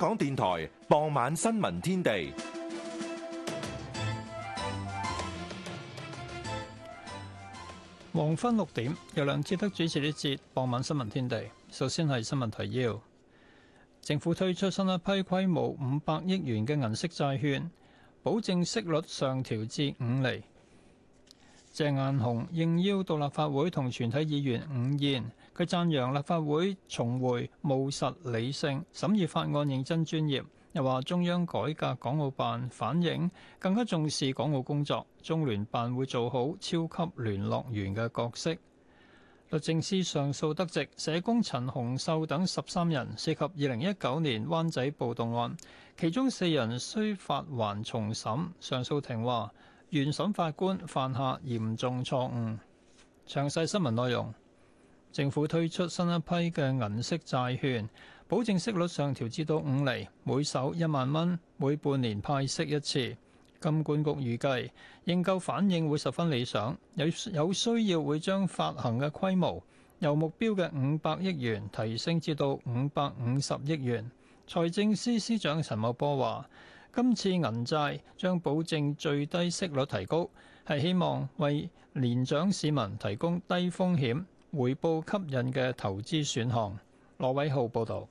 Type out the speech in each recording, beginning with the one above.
香港電台傍晚新聞天地，黃昏六點由梁志德主持呢節傍晚新聞天地，首先係新聞提要：政府推出新一批規模五百億元嘅銀色債券，保證息率上調至五厘。鄭雁雄應邀到立法會同全體議員午宴。佢讚揚立法會重回務實理性，審議法案認真專業。又話中央改革港澳辦，反映更加重視港澳工作。中聯辦會做好超級聯絡員嘅角色。律政司上訴得直，社工陳洪秀等十三人涉及二零一九年灣仔暴動案，其中四人需發還重審。上訴庭話原審法官犯下嚴重錯誤。詳細新聞內容。政府推出新一批嘅銀色債券，保證息率上調至到五厘，每手一萬蚊，每半年派息一次。金管局預計認購反應會十分理想，有，有需要會將發行嘅規模由目標嘅五百億元提升至到五百五十億元。財政司司長陳茂波話，今次銀債將保證最低息率提高，係希望為年長市民提供低風險回報吸引嘅投資選項。羅偉浩報導，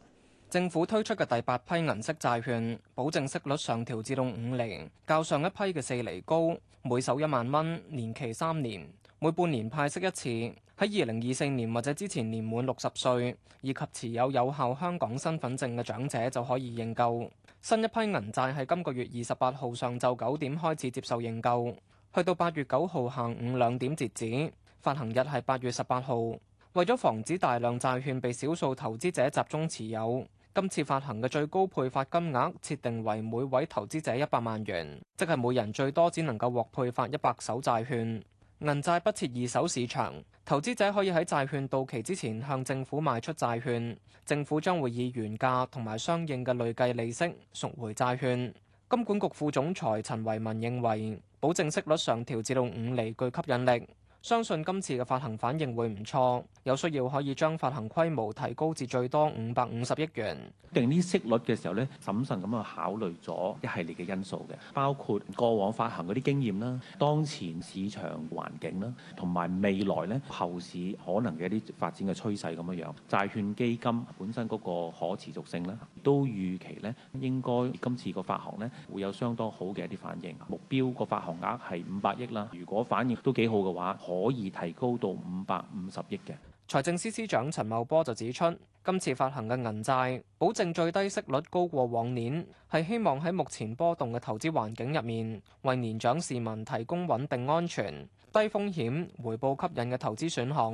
政府推出嘅第八批銀色債券保證息率上調至到五厘，較上一批嘅四厘高，每手一萬蚊，年期三年，每半年派息一次。喺二零二四年或者之前年滿六十歲以及持有有效香港身份證嘅長者就可以認購新一批銀債。喺今個月二十八號上晝九點開始接受認購，去到八月九號下午兩點截止。發行日係八月十八號，為咗防止大量債券被少數投資者集中持有，今次發行嘅最高配發金額設定為每位投資者一百萬元，即係每人最多只能夠獲配發一百手債券。銀債不設二手市場，投資者可以喺債券到期之前向政府賣出債券，政府將會以原價同埋相應嘅累計利息贖回債券。金管局副總裁陳維民認為，保證息率上調至到五厘具吸引力。相信今次嘅發行反應會唔錯，有需要可以將發行規模提高至最多五百五十億元。定啲息率嘅時候咧，審慎咁樣考慮咗一系列嘅因素嘅，包括過往發行嗰啲經驗啦、當前市場環境啦，同埋未來咧後市可能嘅一啲發展嘅趨勢咁樣樣，債券基金本身嗰個可持續性啦，都預期咧應該今次個發行咧會有相當好嘅一啲反應，目標個發行額係五百億啦，如果反應都幾好嘅話，可以提高到五百五十億嘅。財政司司長陳茂波就指出，今次發行嘅銀債保證最低息率高過往年，係希望喺目前波動嘅投資環境入面，為年長市民提供穩定、安全、低風險、回報吸引嘅投資選項，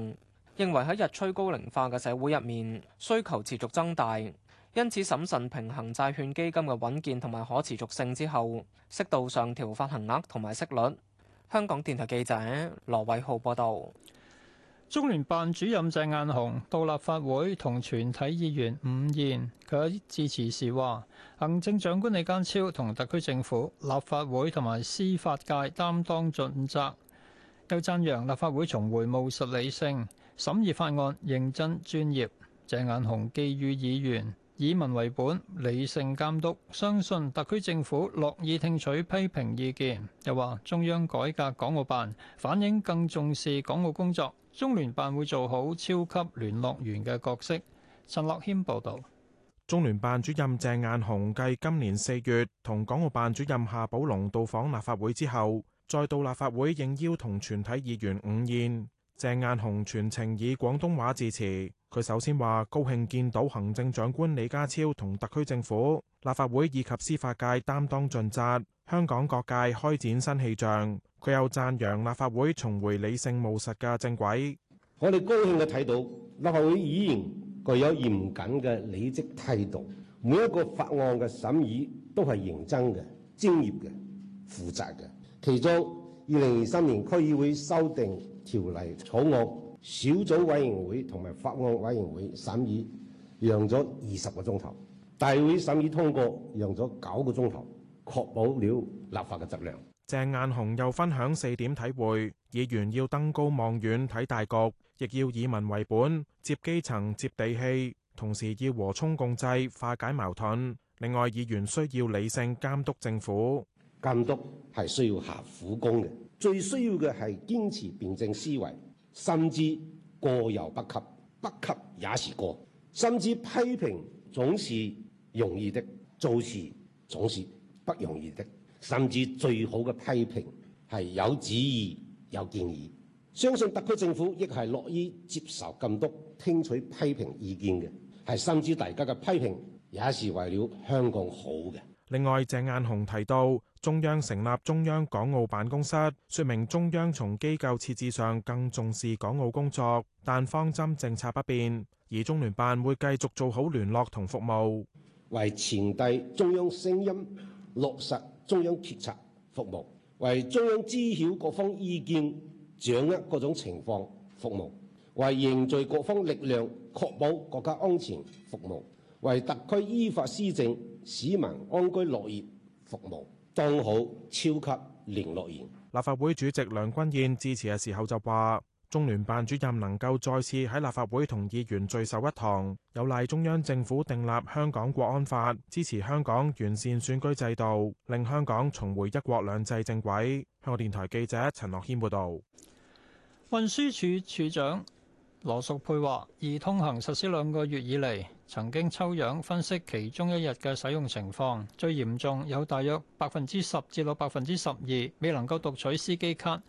認為喺日趨高齡化嘅社會入面，需求持續增大，因此審慎平衡債券基金嘅穩健同埋可持續性之後適度上調發行額同埋息率。香港電台記者羅偉浩報道，中聯辦主任鄭雁雄到立法會同全體議員午宴，佢喺致辭時話，行政長官李家超同特區政府、立法會同埋司法界擔當盡責，又讚揚立法會重回務實理性，審議法案認真專業。鄭雁雄寄語議員。以民為本，理性監督，相信特區政府樂意聽取批評意見。又話中央改革港澳辦，反映更重視港澳工作。中聯辦會做好超級聯絡員嘅角色。陳諾謙報導。中聯辦主任鄭雁雄繼今年四月同港澳辦主任夏寶龍到訪立法會之後，再到立法會應邀同全體議員午宴。鄭雁雄全程以廣東話致詞。佢首先話高興見到行政長官李家超同特區政府、立法會以及司法界擔當盡責，香港各界開展新氣象。佢又讚揚立法會重回理性務實嘅正軌。我哋高興嘅睇到立法會議員具有嚴謹嘅理職態度，每一個法案嘅審議都係認真嘅、專業嘅、負責嘅。其中，二零二三年區議會修訂條例草案。小組委員會同埋法案委員會審議用咗二十個鐘頭，大會審議通過用咗九個鐘頭，確保了立法嘅質量。鄭雁雄又分享四點體會：議員要登高望遠睇大局，亦要以民為本，接基層、接地氣，同時要和衷共濟，化解矛盾。另外，議員需要理性監督政府，監督係需要下苦功嘅，最需要嘅係堅持辯證思維。甚至過猶不及，不及也是過。甚至批評總是容易的，做事總是不容易的。甚至最好嘅批評係有旨意、有建議。相信特區政府亦係樂於接受監督、聽取批評意見嘅，係甚至大家嘅批評也是為了香港好嘅。另外，鄭雁雄提到，中央成立中央港澳辦公室，說明中央從機構設置上更重視港澳工作，但方針政策不變。而中聯辦會繼續做好聯絡同服務，為傳遞中央聲音、落實中央決策服務，為中央知曉各方意見、掌握各種情況服務，為凝聚各方力量、確保國家安全服務，為特區依法施政。市民安居樂業服務，當好超級聯絡員。立法會主席梁君彥致辭嘅時候就話：中聯辦主任能夠再次喺立法會同議員聚首一堂，有賴中央政府訂立香港國安法，支持香港完善選舉制度，令香港重回一國兩制正軌。香港電台記者陳樂軒報導。運輸署署長羅淑佩話：易通行實施兩個月以嚟。曾經抽樣分析其中一日嘅使用情況，最嚴重有大約百分之十至到百分之十二未能夠讀取司機卡，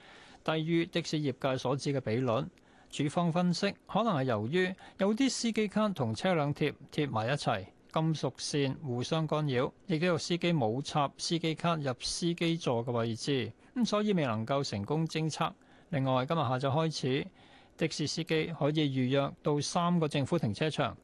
低於的士業界所指嘅比率。主方分析可能係由於有啲司機卡同車輛貼貼埋一齊，金屬線互相干擾，亦都有司機冇插司機卡入司機座嘅位置，咁所以未能夠成功偵測。另外，今日下晝開始，的士司機可以預約到三個政府停車場。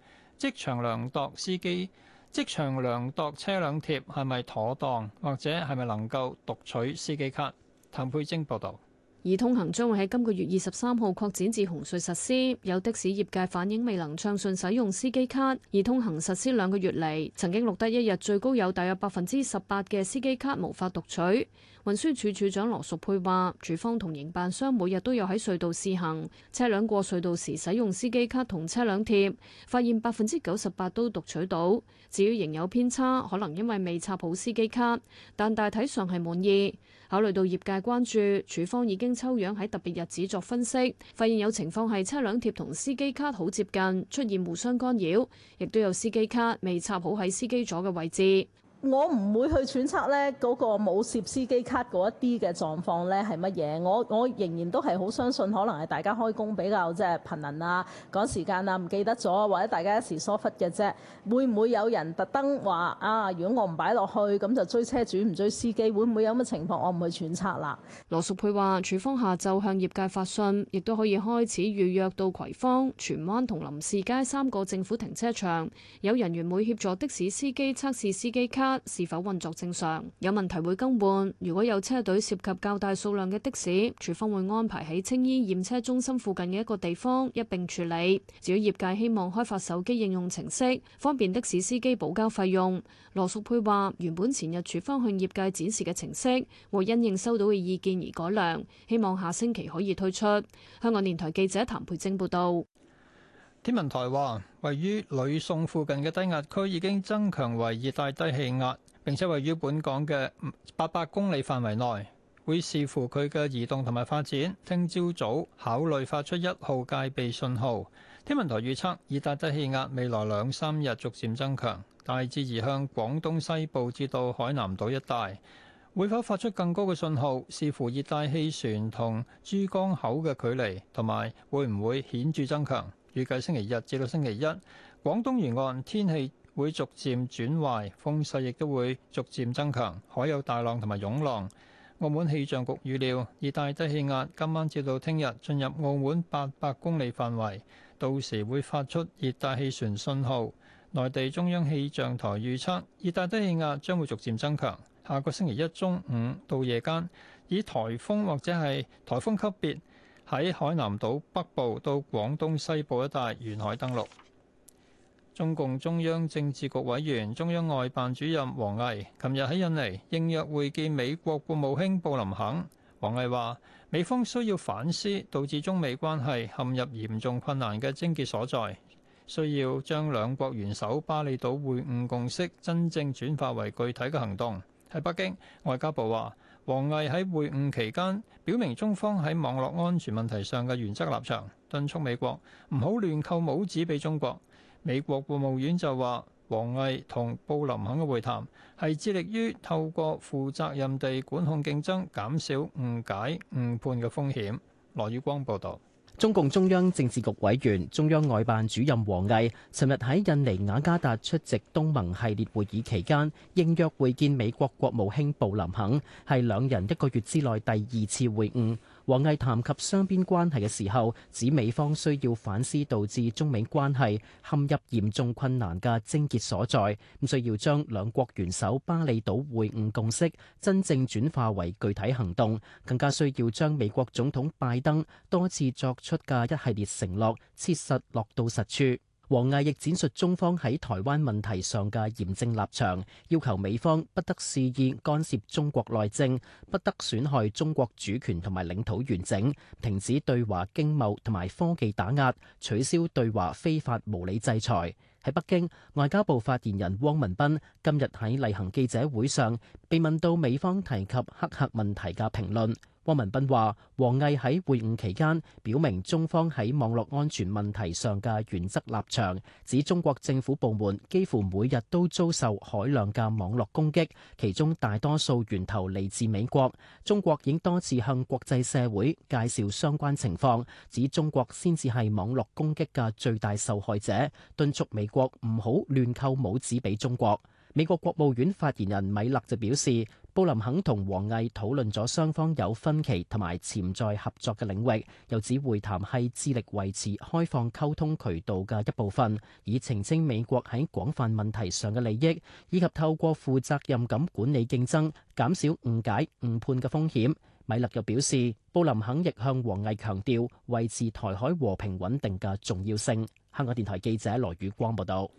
即場量度司機，即場量度車輛貼係咪妥當，或者係咪能夠讀取司機卡？譚佩晶報導，易通行將會喺今個月二十三號擴展至紅隧實施。有的士業界反映未能暢順使用司機卡。易通行實施兩個月嚟，曾經錄得一日最高有大約百分之十八嘅司機卡無法讀取。運輸署署署長羅淑佩話，署方同營辦商每日都有喺隧道試行，車輛過隧道時使用司機卡同車輛貼，發現百分之九十八都讀取到。至於仍有偏差，可能因為未插好司機卡，但大體上係滿意。考慮到業界關注，署方已經抽樣喺特別日子作分析，發現有情況係車輛貼同司機卡好接近，出現互相干擾，亦都有司機卡未插好喺司機座嘅位置。我唔會去揣測呢嗰個冇攝司機卡嗰一啲嘅狀況呢係乜嘢，我我仍然都係好相信，可能係大家開工比較即係頻能啊，趕時間啊，唔記得咗或者大家一時疏忽嘅啫。會唔會有人特登話啊？如果我唔擺落去，咁就追車主唔追司機，會唔會有乜情況？我唔去揣測啦。羅淑佩話，署方下晝向業界發信，亦都可以開始預約到葵芳、荃灣同林士街三個政府停車場，有人員會協助的士司機測試司機卡。是否運作正常？有問題會更換。如果有車隊涉及較大數量嘅的士，處方會安排喺青衣驗車中心附近嘅一個地方一並處理。至於業界希望開發手機應用程式，方便的士司機補交費用，羅淑佩話：原本前日處方向業界展示嘅程式，會因應收到嘅意見而改良，希望下星期可以推出。香港電台記者譚培晶報導。天文台話位於呂宋附近嘅低壓區已經增強為熱帶低氣壓，並且位於本港嘅八百公里範圍內，會視乎佢嘅移動同埋發展，聽朝早考慮發出一號戒備信號。天文台預測熱帶低氣壓未來兩三日逐漸增強，大致移向廣東西部至到海南島一帶，會否發出更高嘅信號，視乎熱帶氣旋同珠江口嘅距離，同埋會唔會顯著增強。預計星期日至到星期一，廣東沿岸天氣會逐漸轉壞，風勢亦都會逐漸增強，海有大浪同埋湧浪。澳門氣象局預料，熱帶低氣壓今晚至到聽日進入澳門八百公里範圍，到時會發出熱帶氣旋信號。內地中央氣象台預測，熱帶低氣壓將會逐漸增強，下個星期一中午到夜間，以颱風或者係颱風級別。喺海南島北部到廣東西部一帶沿海登陸。中共中央政治局委員、中央外辦主任王毅，琴日喺印尼應約會見美國國務卿布林肯。王毅話：美方需要反思導致中美關係陷入嚴重困難嘅症結所在，需要將兩國元首巴厘島會晤共識真正轉化為具體嘅行動。喺北京，外交部話。王毅喺會晤期間表明中方喺網絡安全問題上嘅原則立場，敦促美國唔好亂扣帽子俾中國。美國國務院就話，王毅同布林肯嘅會談係致力於透過負責任地管控競爭，減少誤解誤判嘅風險。羅宇光報道。中共中央政治局委員、中央外辦主任王毅，尋日喺印尼雅加達出席東盟系列會議期間，應約會見美國國務卿布林肯，係兩人一個月之內第二次會晤。王毅談及雙邊關係嘅時候，指美方需要反思導致中美關係陷入嚴重困難嘅症結所在，咁需要將兩國元首巴厘島會晤共識真正轉化為具體行動，更加需要將美國總統拜登多次作出嘅一系列承諾切實落到實處。王毅亦展述中方喺台灣問題上嘅嚴正立場，要求美方不得肆意干涉中國內政，不得損害中國主權同埋領土完整，停止對華經貿同埋科技打壓，取消對華非法無理制裁。喺北京，外交部發言人汪文斌今日喺例行記者會上被問到美方提及黑客問題嘅評論。汪文斌話：王毅喺會晤期間表明中方喺網絡安全問題上嘅原則立場，指中國政府部門幾乎每日都遭受海量嘅網絡攻擊，其中大多數源頭嚟自美國。中國已經多次向國際社會介紹相關情況，指中國先至係網絡攻擊嘅最大受害者，敦促美國唔好亂扣帽子俾中國。美國國務院發言人米勒就表示，布林肯同王毅討論咗雙方有分歧同埋潛在合作嘅領域，又指會談係致力維持開放溝通渠道嘅一部分，以澄清美國喺廣泛問題上嘅利益，以及透過負責任噉管理競爭，減少誤解誤判嘅風險。米勒又表示，布林肯亦向王毅強調維持台海和平穩定嘅重要性。香港電台記者羅宇光報道。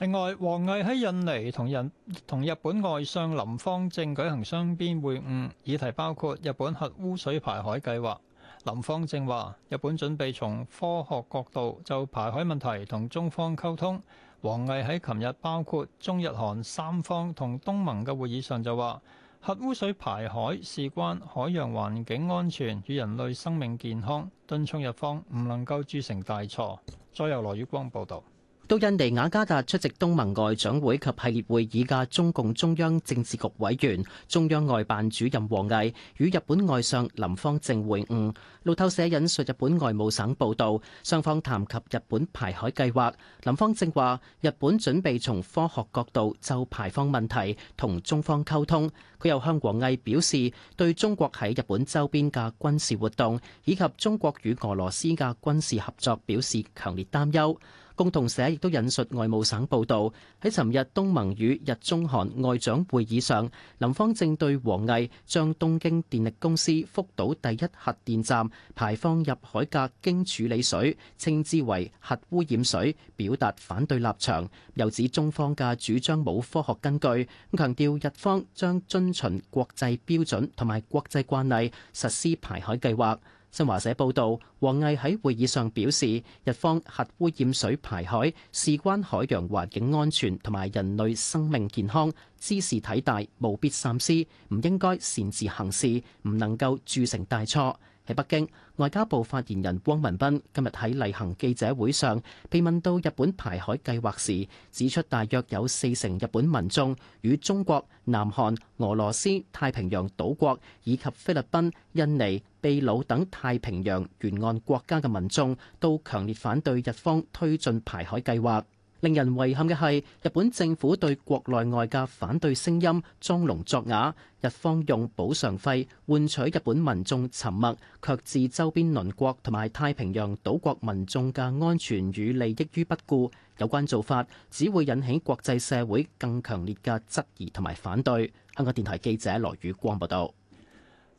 另外，王毅喺印尼同日同日本外相林芳正舉行雙邊會晤，議題包括日本核污水排海計劃。林芳正話：日本準備從科學角度就排海問題同中方溝通。王毅喺琴日包括中日韓三方同東盟嘅會議上就話，核污水排海事關海洋環境安全與人類生命健康，敦促日方唔能夠鑄成大錯，再由羅宇光報道。到印尼雅加達出席東盟外長會及系列會議嘅中共中央政治局委員、中央外辦主任王毅與日本外相林芳正會晤。路透社引述日本外務省報道，雙方談及日本排海計劃。林芳正話，日本準備從科學角度就排放問題同中方溝通。佢又向王毅表示，對中國喺日本周邊嘅軍事活動以及中國與俄羅斯嘅軍事合作表示強烈擔憂。共同社亦都引述外務省報導，喺尋日東盟與日中韓外長會議上，林芳正對王毅將東京電力公司福島第一核電站排放入海嘅經處理水稱之為核污染水，表達反對立場。又指中方嘅主張冇科學根據，強調日方將遵循國際標準同埋國際慣例實施排海計劃。新華社報道，王毅喺會議上表示，日方核污染水排海事關海洋環境安全同埋人類生命健康，茲事體大，務必三思，唔應該擅自行事，唔能夠鑄成大錯。喺北京，外交部發言人汪文斌今日喺例行記者會上被問到日本排海計劃時指出，大約有四成日本民眾與中國、南韓俄羅斯、太平洋島國以及菲律賓印尼、秘魯等太平洋沿岸國家嘅民眾都強烈反對日方推進排海計劃。令人遺憾嘅係，日本政府對國內外嘅反對聲音裝聾作啞，日方用補償費換取日本民眾沉默，卻置周邊鄰國同埋太平洋島國民眾嘅安全與利益於不顧，有關做法只會引起國際社會更強烈嘅質疑同埋反對，香港電台記者羅宇光報道。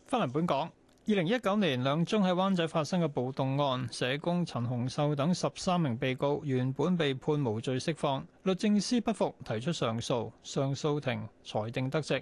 翻嚟本港。二零一九年兩宗喺灣仔發生嘅暴動案，社工陳虹秀等十三名被告原本被判無罪釋放，律政司不服提出上訴，上訴庭裁定得直，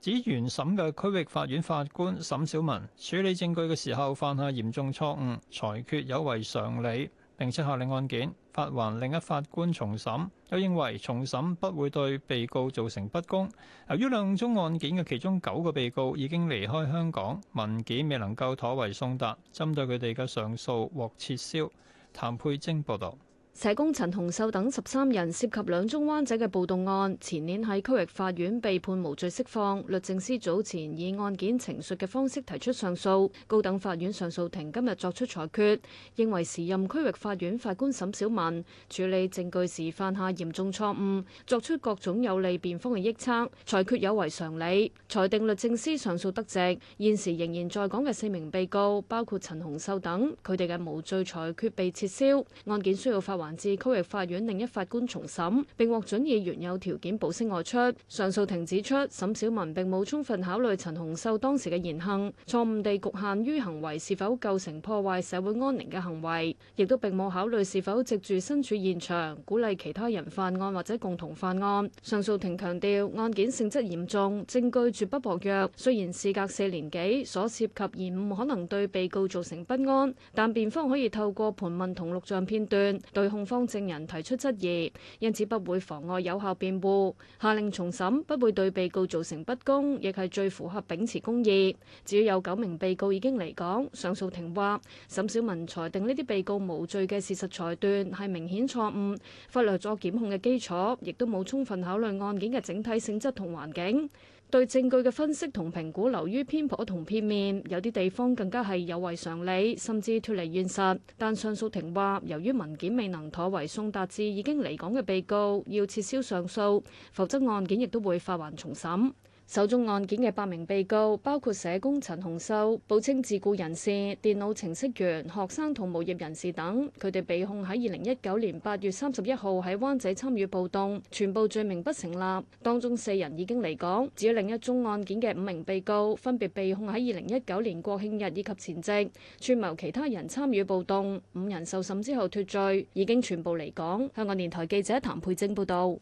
指原審嘅區域法院法官沈小文處理證據嘅時候犯下嚴重錯誤，裁決有違常理。並且下令案件發還另一法官重審。又認為重審不會對被告造成不公。由於兩宗案件嘅其中九個被告已經離開香港，文件未能夠妥為送達，針對佢哋嘅上訴獲撤銷。譚佩晶報導。社工陳紅秀等十三人涉及兩宗灣仔嘅暴動案，前年喺區域法院被判無罪釋放。律政司早前以案件呈述嘅方式提出上訴。高等法院上訴庭今日作出裁決，認為時任區域法院法官沈小文處理證據時犯下嚴重錯誤，作出各種有利辯方嘅臆測，裁決有違常理。裁定律政司上訴得直。現時仍然在港嘅四名被告，包括陳紅秀等，佢哋嘅無罪裁決被撤銷，案件需要發還。環至區域法院另一法官重審並獲准以原有條件保釋外出。上訴庭指出，沈小文並冇充分考慮陳洪秀當時嘅言行，錯誤地局限於行為是否構成破壞社會安寧嘅行為，亦都並冇考慮是否藉住身處現場鼓勵其他人犯案或者共同犯案。上訴庭強調，案件性質嚴重，證據絕不薄弱。雖然事隔四年幾，所涉及延誤可能對被告造成不安，但辯方可以透過盤問同錄像片段對。控方證人提出質疑，因此不會妨礙有效辯護。下令重審不會對被告造成不公，亦係最符合秉持公義。至於有九名被告已經離港，上訴庭話沈小文裁定呢啲被告無罪嘅事實裁斷係明顯錯誤，忽略咗檢控嘅基礎，亦都冇充分考慮案件嘅整體性質同環境。對證據嘅分析同評估流於偏頗同片面，有啲地方更加係有違常理，甚至脫離現實。但上訴庭話，由於文件未能妥妥為送達至已經離港嘅被告，要撤銷上訴，否則案件亦都會發還重審。首宗案件嘅八名被告包括社工陳洪秀、報稱自雇人士、電腦程式員、學生同無業人士等，佢哋被控喺二零一九年八月三十一號喺灣仔參與暴動，全部罪名不成立。當中四人已經離港，至於另一宗案件嘅五名被告分別被控喺二零一九年國慶日以及前夕串謀其他人參與暴動，五人受審之後脱罪，已經全部離港。香港電台記者譚佩貞報道。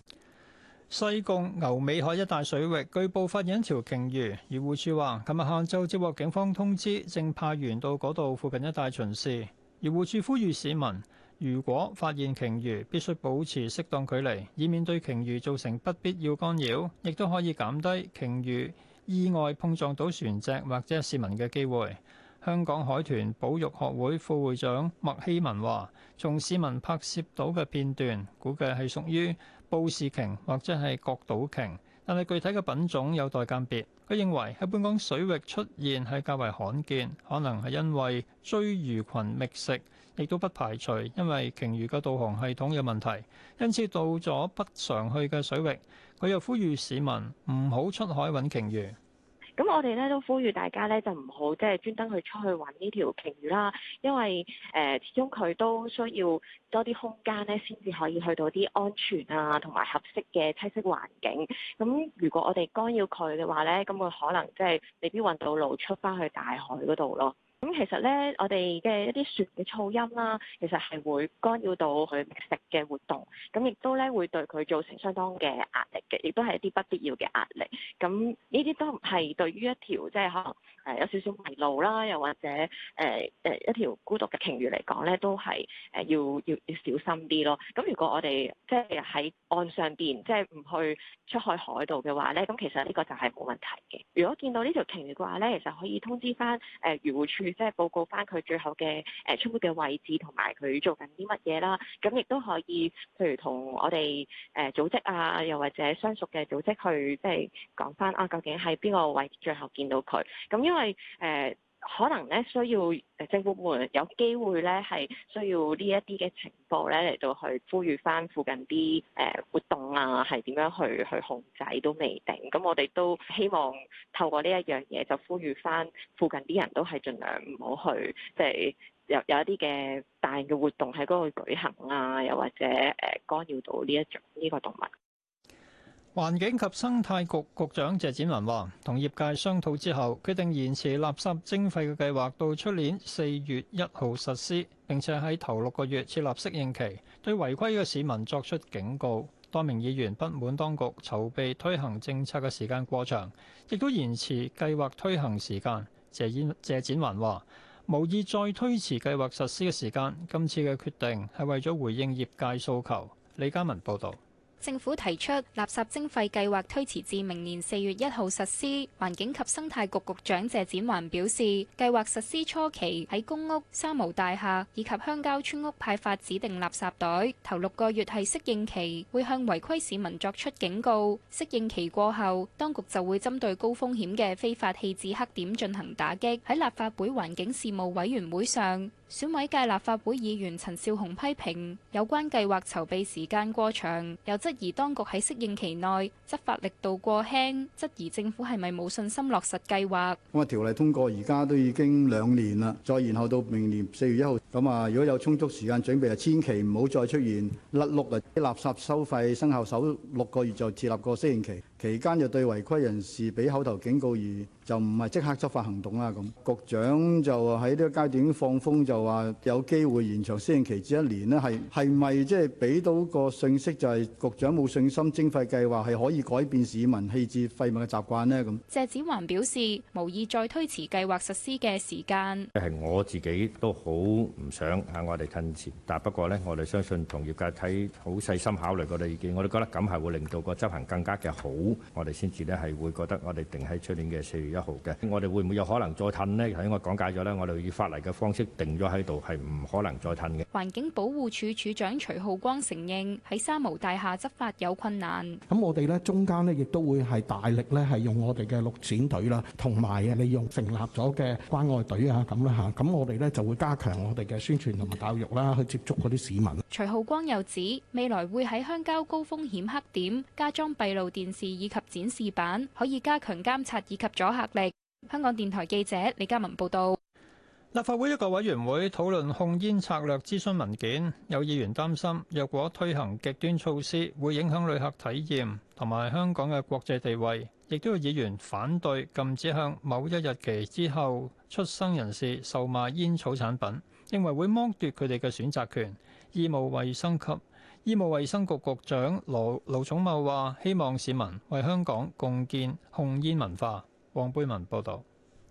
西貢牛尾海一帶水域據報發現一條鯨魚，漁護署話琴日下晝接獲警方通知，正派員到嗰度附近一帶巡視。漁護署呼籲市民，如果發現鯨魚必須保持適當距離，以免對鯨魚造成不必要干擾，亦都可以減低鯨魚意外碰撞到船隻或者市民嘅機會。香港海豚保育學會副會長麥希文話從市民拍攝到嘅片段，估計係屬於布氏鯨或者係角島鯨，但係具體嘅品種有待鑑別。佢認為喺本港水域出現係較為罕見，可能係因為追魚群覓食，亦都不排除因為鯨魚嘅導航系統有問題。因此到咗不常去嘅水域，佢又呼籲市民唔好出海揾鯨魚。咁我哋咧都呼籲大家咧就唔好即係專登去出去揾呢條鯨魚啦，因為誒、呃、始終佢都需要多啲空間咧，先至可以去到啲安全啊、同埋合適嘅棲息環境。咁如果我哋干擾佢嘅話咧，咁佢可能即係、就是、未必揾到路出返去大海嗰度咯。咁其實咧，我哋嘅一啲船嘅噪音啦、啊，其實係會干擾到佢覓食嘅活動，咁亦都咧會對佢造成相當嘅壓力嘅，亦都係一啲不必要嘅壓力。咁呢啲都係對於一條即係、就是、可能誒、呃、有少少迷路啦，又或者誒誒、呃、一條孤獨嘅鯨魚嚟講咧，都係誒要要要小心啲咯。咁如果我哋即係喺岸上邊，即係唔去出海海度嘅話咧，咁其實呢個就係冇問題嘅。如果見到呢條鯨魚嘅話咧，其實可以通知翻誒漁護處。即係報告翻佢最後嘅誒、呃、出門嘅位置，同埋佢做緊啲乜嘢啦？咁亦都可以，譬如同我哋誒、呃、組織啊，又或者相熟嘅組織去即係講翻啊，究竟喺邊個位置最後見到佢？咁因為誒、呃可能咧，需要誒，政府部門有機會咧係需要呢一啲嘅情報咧，嚟到去呼籲翻附近啲誒，活動啊，係點樣去去控制都未定。咁我哋都希望透過呢一樣嘢就呼籲翻附近啲人都係盡量唔好去，即係有有一啲嘅大型嘅活動喺嗰度舉行啊，又或者誒，干擾到呢一種呢個動物。環境及生態局局長謝展寰話，同業界商討之後，決定延遲垃圾徵費嘅計劃到出年四月一號實施，並且喺頭六個月設立適應期，對違規嘅市民作出警告。多名議員不滿當局籌備推行政策嘅時間過長，亦都延遲計劃推行時間。謝展謝展寰話，無意再推遲計劃實施嘅時間，今次嘅決定係為咗回應業界訴求。李嘉文報導。政府提出垃圾徵費計劃推遲至明年四月一號實施。環境及生態局局長謝展寰表示，計劃實施初期喺公屋、三無大廈以及鄉郊村屋派發指定垃圾袋，頭六個月係適應期，會向違規市民作出警告。適應期過後，當局就會針對高風險嘅非法棄置黑點進行打擊。喺立法會環境事務委員會上，選委界立法會議員陳紹雄批評有關計劃籌備時間過長，又質疑當局喺適應期內執法力度過輕，質疑政府係咪冇信心落實計劃。咁啊，條例通過而家都已經兩年啦，再然後到明年四月一號，咁啊，如果有充足時間準備，就千祈唔好再出現甩碌啊。啲垃圾收費生效首六個月就設立個適應期。期間就對違規人士俾口頭警告，而就唔係即刻執法行動啦。咁局長就喺呢個階段放風，就話有機會延長適應期至一年呢。係係咪即係俾到個信息，就係局長冇信心徵費計劃係可以改變市民棄置廢物嘅習慣呢？咁謝展寰表示，無意再推遲計劃實施嘅時間。係我自己都好唔想喺我哋近前，但不過呢，我哋相信同業界睇好細心考慮我哋意見，我哋覺得咁係會令到個執行更加嘅好。我哋先至咧，係會覺得我哋定喺出年嘅四月一號嘅。我哋會唔會有可能再褪咧？喺我講解咗咧，我哋以法例嘅方式定咗喺度，係唔可能再褪嘅。環境保護署署長徐浩光承認喺三無大廈執法有困難。咁我哋呢，中間呢，亦都會係大力呢，係用我哋嘅綠展隊啦，同埋啊利用成立咗嘅關愛隊啊咁啦嚇。咁我哋呢，就會加強我哋嘅宣傳同埋教育啦，去接觸嗰啲市民。徐浩光又指未來會喺鄉郊高風險黑點加裝閉路電視。以及展示板可以加強監察以及阻嚇力。香港電台記者李嘉文報道，立法會一個委員會討論控煙策略諮詢文件，有議員擔心若果推行極端措施，會影響旅客體驗，同埋香港嘅國際地位。亦都有議員反對禁止向某一日期之後出生人士售賣煙草產品，認為會剝奪佢哋嘅選擇權，義務衛生及醫務衛生局局長盧盧寵茂話，希望市民為香港共建控煙文化。黃貝文報道。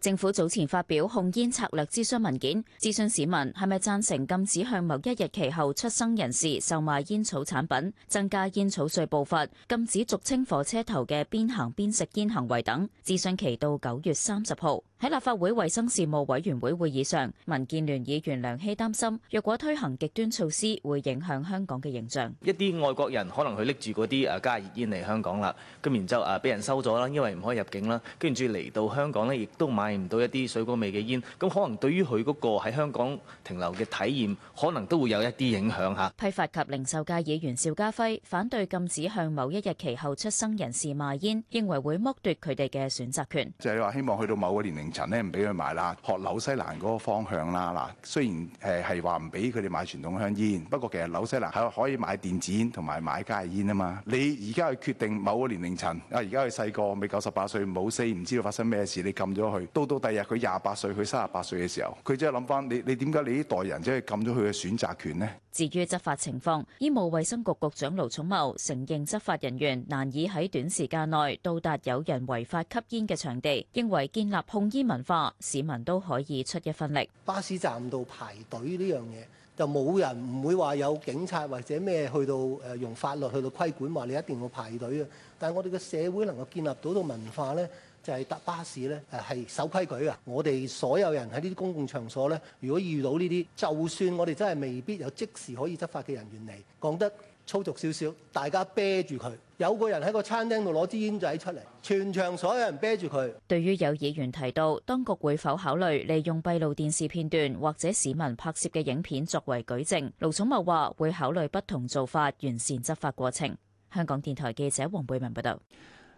政府早前發表控煙策略諮詢文件，諮詢市民係咪讚成禁止向某一日期後出生人士售賣煙草產品，增加煙草稅步伐，禁止俗稱火車頭嘅邊行邊食煙行為等。諮詢期到九月三十號。喺立法會衞生事務委員會會議上，民建聯議員梁希擔心，若果推行極端措施，會影響香港嘅形象。一啲外國人可能佢拎住嗰啲誒加熱煙嚟香港啦，咁然之後誒俾人收咗啦，因為唔可以入境啦。跟住嚟到香港呢，亦都買唔到一啲水果味嘅煙，咁可能對於佢嗰個喺香港停留嘅體驗，可能都會有一啲影響嚇。批發及零售界議員邵家輝反對禁止向某一日期後出生人士賣煙，認為會剝奪佢哋嘅選擇權。就係話希望去到某個年齡。層呢唔俾佢買啦，學紐西蘭嗰個方向啦嗱。雖然誒係話唔俾佢哋買傳統香煙，不過其實紐西蘭係可以買電子煙同埋買戒煙啊嘛。你而家去決定某個年齡層啊，而家佢細個未九十八歲，冇四，唔知道發生咩事，你禁咗佢到到第日佢廿八歲，佢三十八歲嘅時候，佢真係諗翻你，你點解你呢代人真係禁咗佢嘅選擇權呢？至於執法情況，醫務衛生局局長盧寵茂承認執法人員難以喺短時間內到達有人違法吸煙嘅場地，認為建立控制制。依文化，市民都可以出一分力。巴士站度排隊呢樣嘢，就冇人唔會話有警察或者咩去到誒、呃、用法律去到規管，話你一定要排隊啊，但係我哋嘅社會能夠建立到到文化咧，就係、是、搭巴士咧誒係守規矩啊！我哋所有人喺呢啲公共場所咧，如果遇到呢啲，就算我哋真係未必有即時可以執法嘅人員嚟講得，粗俗少少，大家啤住佢。有個人喺個餐廳度攞支煙仔出嚟，全場所有人啤住佢。對於有議員提到當局會否考慮利用閉路電視片段或者市民拍攝嘅影片作為舉證，盧寵茂話會考慮不同做法，完善執法過程。香港電台記者黃貝文報道。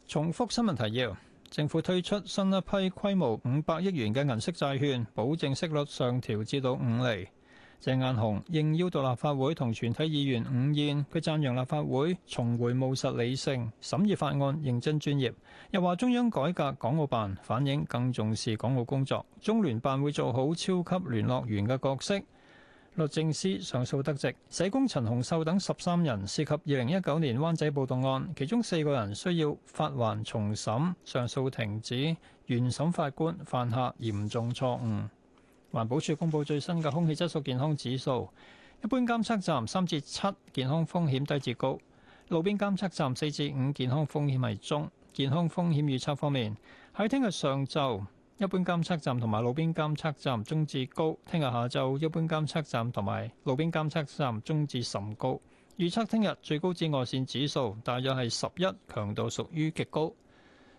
重複新聞提要：政府推出新一批規模五百億元嘅銀色債券，保證息率上調至到五厘。鄭雁雄應邀到立法會同全體議員午宴，佢讚揚立法會重回務實理性，審議法案認真專業。又話中央改革港澳辦，反映更重視港澳工作，中聯辦會做好超級聯絡員嘅角色。律政司上訴得直，社工陳洪秀等十三人涉及二零一九年灣仔暴動案，其中四個人需要發還重審，上訴停止，原審法官犯下嚴重錯誤。環保署公布最新嘅空氣質素健康指數，一般監測站三至七，健康風險低至高；路邊監測站四至五，健康風險係中。健康風險預測方面，喺聽日上晝，一般監測站同埋路邊監測站中至高；聽日下晝，一般監測站同埋路邊監測站中至甚高。預測聽日最高紫外線指數大約係十一，強度屬於極高。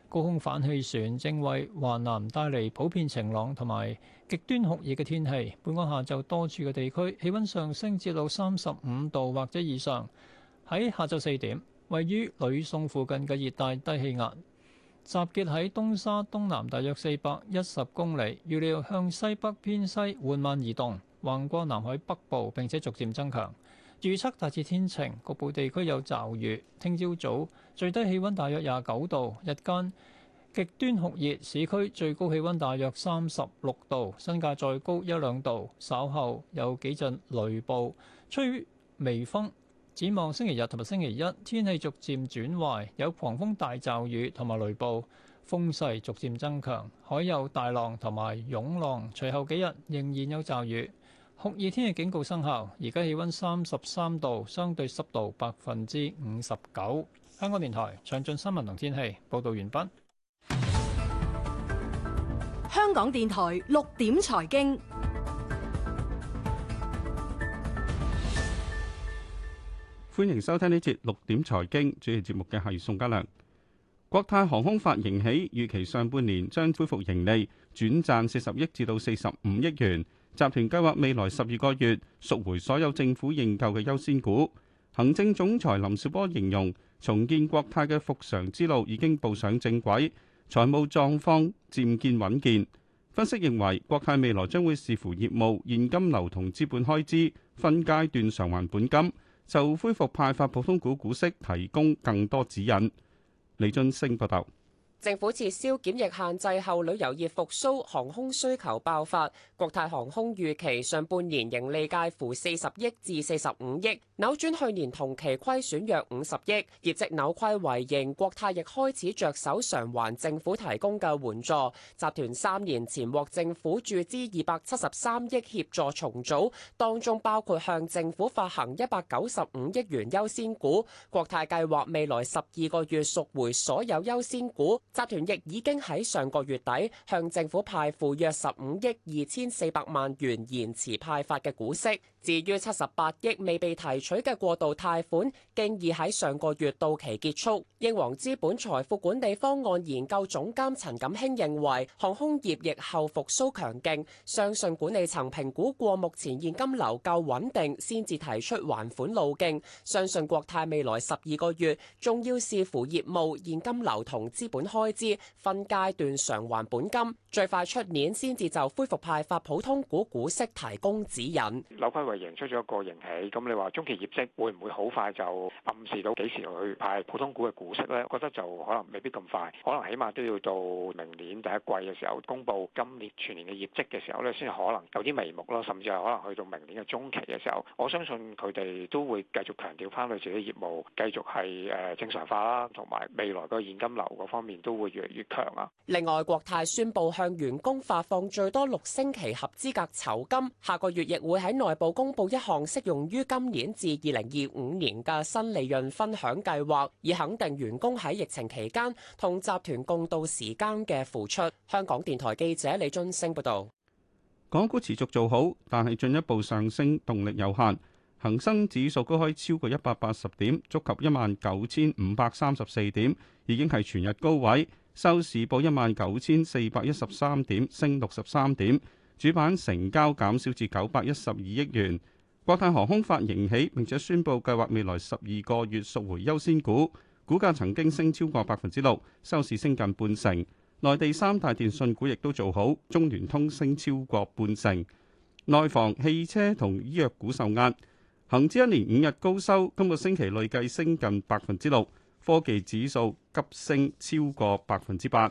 高空反氣旋正為華南帶嚟普遍晴朗同埋。極端酷熱嘅天氣，本港下晝多處嘅地區氣温上升至到三十五度或者以上。喺下晝四點，位於呂宋附近嘅熱帶低氣壓，集結喺東沙東南大約四百一十公里，預料向西北偏西緩慢移動，橫過南海北部並且逐漸增強。預測大致天晴，局部地區有驟雨。聽朝早最低氣温大約廿九度，日間。極端酷熱，市區最高氣温大約三十六度，身價再高一兩度。稍後有幾陣雷暴，吹微風。展望星期日同埋星期一，天氣逐漸轉壞，有狂風大驟雨同埋雷暴，風勢逐漸增強，海有大浪同埋湧浪。隨後幾日仍然有驟雨。酷熱天氣警告生效。而家氣温三十三度，相對濕度百分之五十九。香港電台詳盡新聞同天氣報導完畢。香港電台六點財經，歡迎收聽呢節六點財經，主持節目嘅係宋家良。國泰航空發盈喜，預期上半年將恢復盈利，轉賺四十億至到四十五億元。集團計劃未來十二個月贖回所有政府認購嘅優先股。行政總裁林紹波形容，重建國泰嘅復常之路已經步上正軌。財務狀況漸見穩健，分析認為國泰未來將會視乎業務現金流同資本開支，分階段償還本金，就恢復派發普通股股息提供更多指引。李津升報道。政府撤銷檢疫限制後，旅遊業復蘇，航空需求爆發。國泰航空預期上半年盈利介乎四十億至四十五億，扭轉去年同期虧損約五十億，業績扭虧為盈。國泰亦開始着手償還政府提供嘅援助。集團三年前獲政府注資二百七十三億協助重組，當中包括向政府發行一百九十五億元優先股。國泰計劃未來十二個月贖回所有優先股。集團亦已經喺上個月底向政府派付約十五億二千四百萬元延遲派發嘅股息，至於七十八億未被提取嘅過渡貸款，經已喺上個月到期結束。英皇資本財富管理方案研究總監陳錦興認為，航空業疫後復甦強勁，相信管理層評估過目前現金流夠穩定，先至提出還款路徑。相信國泰未來十二個月仲要視乎業務現金流同資本開開支分階段償還本金，最快出年先至就恢復派發普通股股息提供指引。扭虧為盈出咗一個盈起，咁你話中期業績會唔會好快就暗示到幾時去派普通股嘅股息呢？我覺得就可能未必咁快，可能起碼都要到明年第一季嘅時候公布今年全年嘅業績嘅時候咧，先可能有啲眉目咯。甚至係可能去到明年嘅中期嘅時候，我相信佢哋都會繼續強調翻佢自己業務繼續係誒正常化啦，同埋未來個現金流嗰方面。都會越嚟越強啊！另外，國泰宣布向員工發放最多六星期合資格酬金，下個月亦會喺內部公布一項適用於今年至二零二五年嘅新利潤分享計劃，以肯定員工喺疫情期間同集團共度時間嘅付出。香港電台記者李津升報道：港股持續做好，但係進一步上升動力有限。恒生指數高開超過一百八十點，觸及一萬九千五百三十四點，已經係全日高位。收市報一萬九千四百一十三點，升六十三點。主板成交減少至九百一十二億元。國泰航空發盈喜並且宣布計劃未來十二個月贖回優先股，股價曾經升超過百分之六，收市升近半成。內地三大電信股亦都做好，中聯通升超過半成。內房、汽車同醫藥股受壓。恒指一年五日高收，今個星期累計升近百分之六，科技指數急升超過百分之八。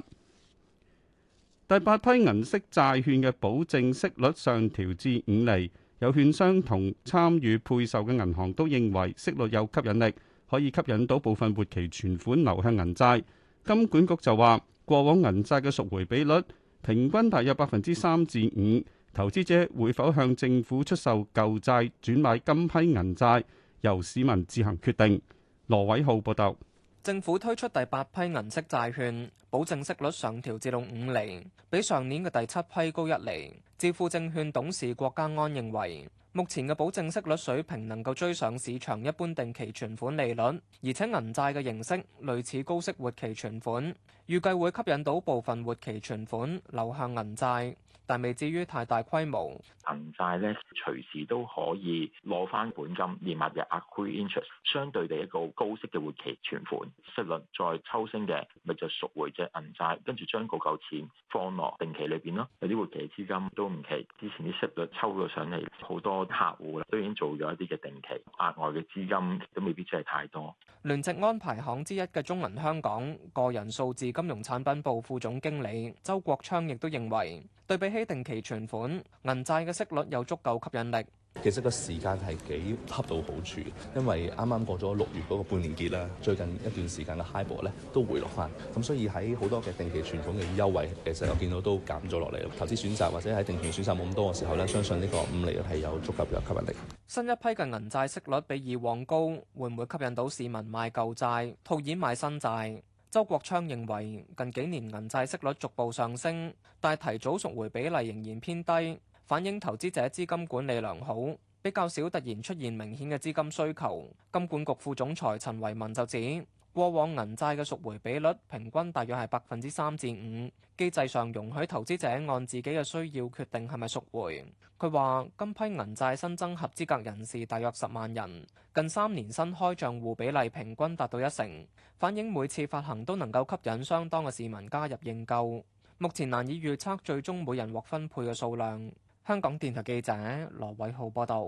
第八批銀色債券嘅保證息率上調至五厘。有券商同參與配售嘅銀行都認為息率有吸引力，可以吸引到部分活期存款流向銀債。金管局就話，過往銀債嘅贖回比率平均大約百分之三至五。投資者會否向政府出售舊債轉買今批銀債，由市民自行決定。羅偉浩報導。政府推出第八批銀色債券，保證息率上調至到五厘，比上年嘅第七批高一厘。智富證券董事郭家安，安認為，目前嘅保證息率水平能夠追上市場一般定期存款利率，而且銀債嘅形式類似高息活期存款。預計會吸引到部分活期存款流向銀債，但未至於太大規模。銀債咧隨時都可以攞翻本金，連埋嘅額外 interest，相對地一個高息嘅活期存款息率再抽升嘅，咪就贖回隻銀債，跟住將嗰嚿錢放落定期裏邊咯。有啲活期資金都唔期。之前啲息率抽咗上嚟，好多客戶啦都已經做咗一啲嘅定期，額外嘅資金都未必真係太多。聯席安排行之一嘅中銀香港個人數字。金融產品部副總經理周國昌亦都認為，對比起定期存款，銀債嘅息率有足夠吸引力。其實個時間係幾恰到好處，因為啱啱過咗六月嗰個半年結啦，最近一段時間嘅 HIBOR 咧都回落翻，咁所以喺好多嘅定期存款嘅優惠，其實我見到都減咗落嚟。投資選擇或者喺定期選擇冇咁多嘅時候呢，相信呢個五厘咧係有足夠嘅吸引力。新一批嘅銀債息率比以往高，會唔會吸引到市民賣舊債，套現買新債？周國昌認為，近幾年銀債息率逐步上升，但提早贖回比例仍然偏低，反映投資者資金管理良好，比較少突然出現明顯嘅資金需求。金管局副總裁陳維民就指。過往銀債嘅贖回比率平均大約係百分之三至五，機制上容許投資者按自己嘅需要決定係咪贖回。佢話今批銀債新增合資格人士大約十萬人，近三年新開賬戶比例平均達到一成，反映每次發行都能夠吸引相當嘅市民加入認購。目前難以預測最終每人獲分配嘅數量。香港電台記者羅偉浩報道。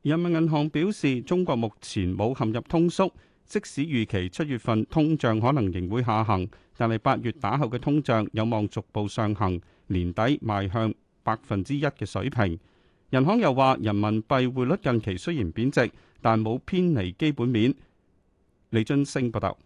人民銀行表示，中國目前冇陷入通縮。即使預期七月份通脹可能仍會下行，但係八月打後嘅通脹有望逐步上行，年底邁向百分之一嘅水平。人行又話，人民幣匯率近期雖然貶值，但冇偏離基本面。李俊升報道。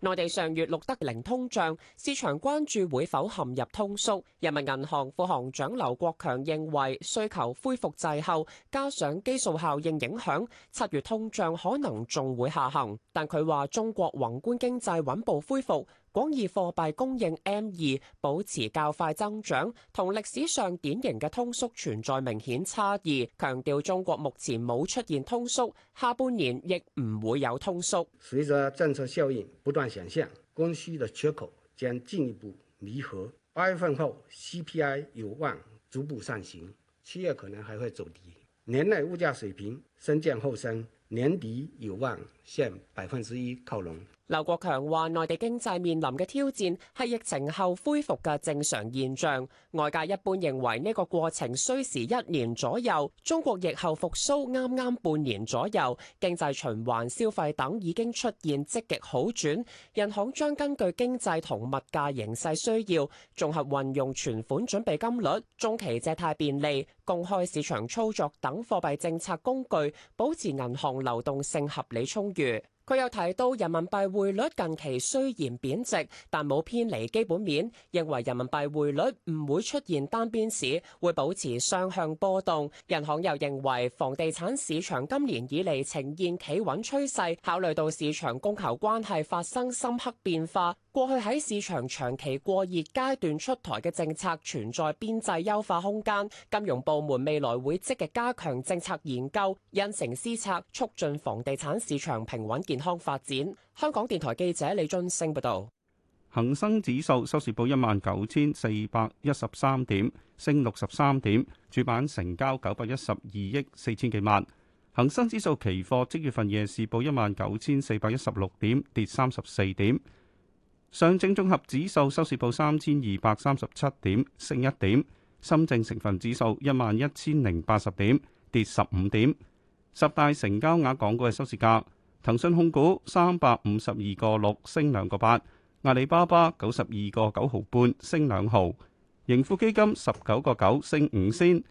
內地上月錄得零通脹，市場關注會否陷入通縮。人民銀行副行長劉國強認為，需求恢復滯後，加上基數效應影響，七月通脹可能仲會下行。但佢話中國宏觀經濟穩步恢復。廣義貨幣供應 M2 保持較快增長，同歷史上典型嘅通縮存在明顯差異。強調中國目前冇出現通縮，下半年亦唔會有通縮。隨着政策效應不斷顯現，供需的缺口將進一步彌合。八月份後 CPI 有望逐步上行，七月可能還會走低。年內物價水平升降後升，年底有望向百分之一靠攏。劉國強話，內地經濟面臨嘅挑戰係疫情後恢復嘅正常現象。外界一般認為呢個過程需時一年左右。中國疫後復甦啱啱半年左右，經濟循環、消費等已經出現積極好轉。銀行將根據經濟同物價形勢需要，綜合運用存款準備金率、中期借貸便利、公開市場操作等貨幣政策工具，保持銀行流動性合理充裕。佢又提到，人民幣匯率近期雖然貶值，但冇偏離基本面，認為人民幣匯率唔會出現單邊市，會保持雙向波動，銀行又認為房地產市場今年以嚟呈現企穩趨勢，考慮到市場供求關係發生深刻變化，過去喺市場長期過熱階段出台嘅政策存在邊際優化空間，金融部門未來會積極加強政策研究、因城施策，促進房地產市場平穩健康。健康發展，香港電台記者李津升報道。恒生指數收市報一萬九千四百一十三點，升六十三點。主板成交九百一十二億四千幾萬。恒生指數期貨即月份夜市報一萬九千四百一十六點，跌三十四點。上證綜合指數收市報三千二百三十七點，升一點。深證成分指數一萬一千零八十點，跌十五點。十大成交額港股嘅收市價。騰訊控股三百五十二個六升兩個八，阿里巴巴九十二個九毫半升兩毫，盈富基金十九個九升五仙，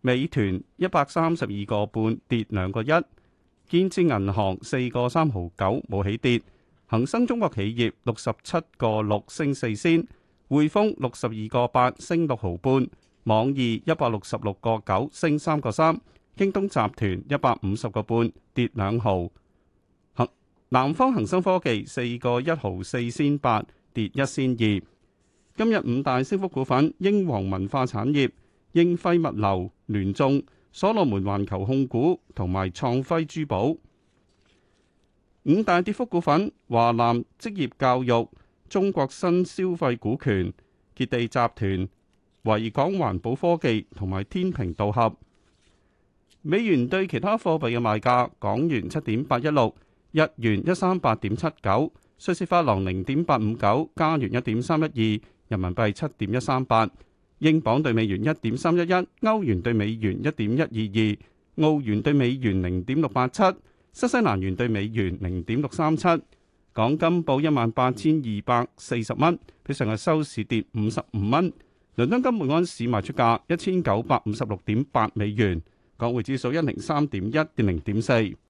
美團一百三十二個半跌兩個一，建設銀行四個三毫九冇起跌，恒生中國企業六十七個六升四仙，匯豐六十二個八升六毫半，網易一百六十六個九升三個三，京東集團一百五十個半跌兩毫。南方恒生科技四個一毫四先八跌一先二。今日五大升幅股份：英皇文化產業、英輝物流、聯眾、所羅門環球控股同埋創輝珠寶。五大跌幅股份：華南職業教育、中國新消費股權、傑地集團、維港環保科技同埋天平道合。美元兌其他貨幣嘅賣價：港元七點八一六。日元一三八點七九，瑞士法郎零點八五九，加元一點三一二，人民幣七點一三八，英鎊對美元一點三一一，歐元對美元一點一二二，澳元對美元零點六八七，新西蘭元對美元零點六三七。港金報一萬八千二百四十蚊，比上日收市跌五十五蚊。倫敦金每安士賣出價一千九百五十六點八美元，港匯指數一零三點一，跌零點四。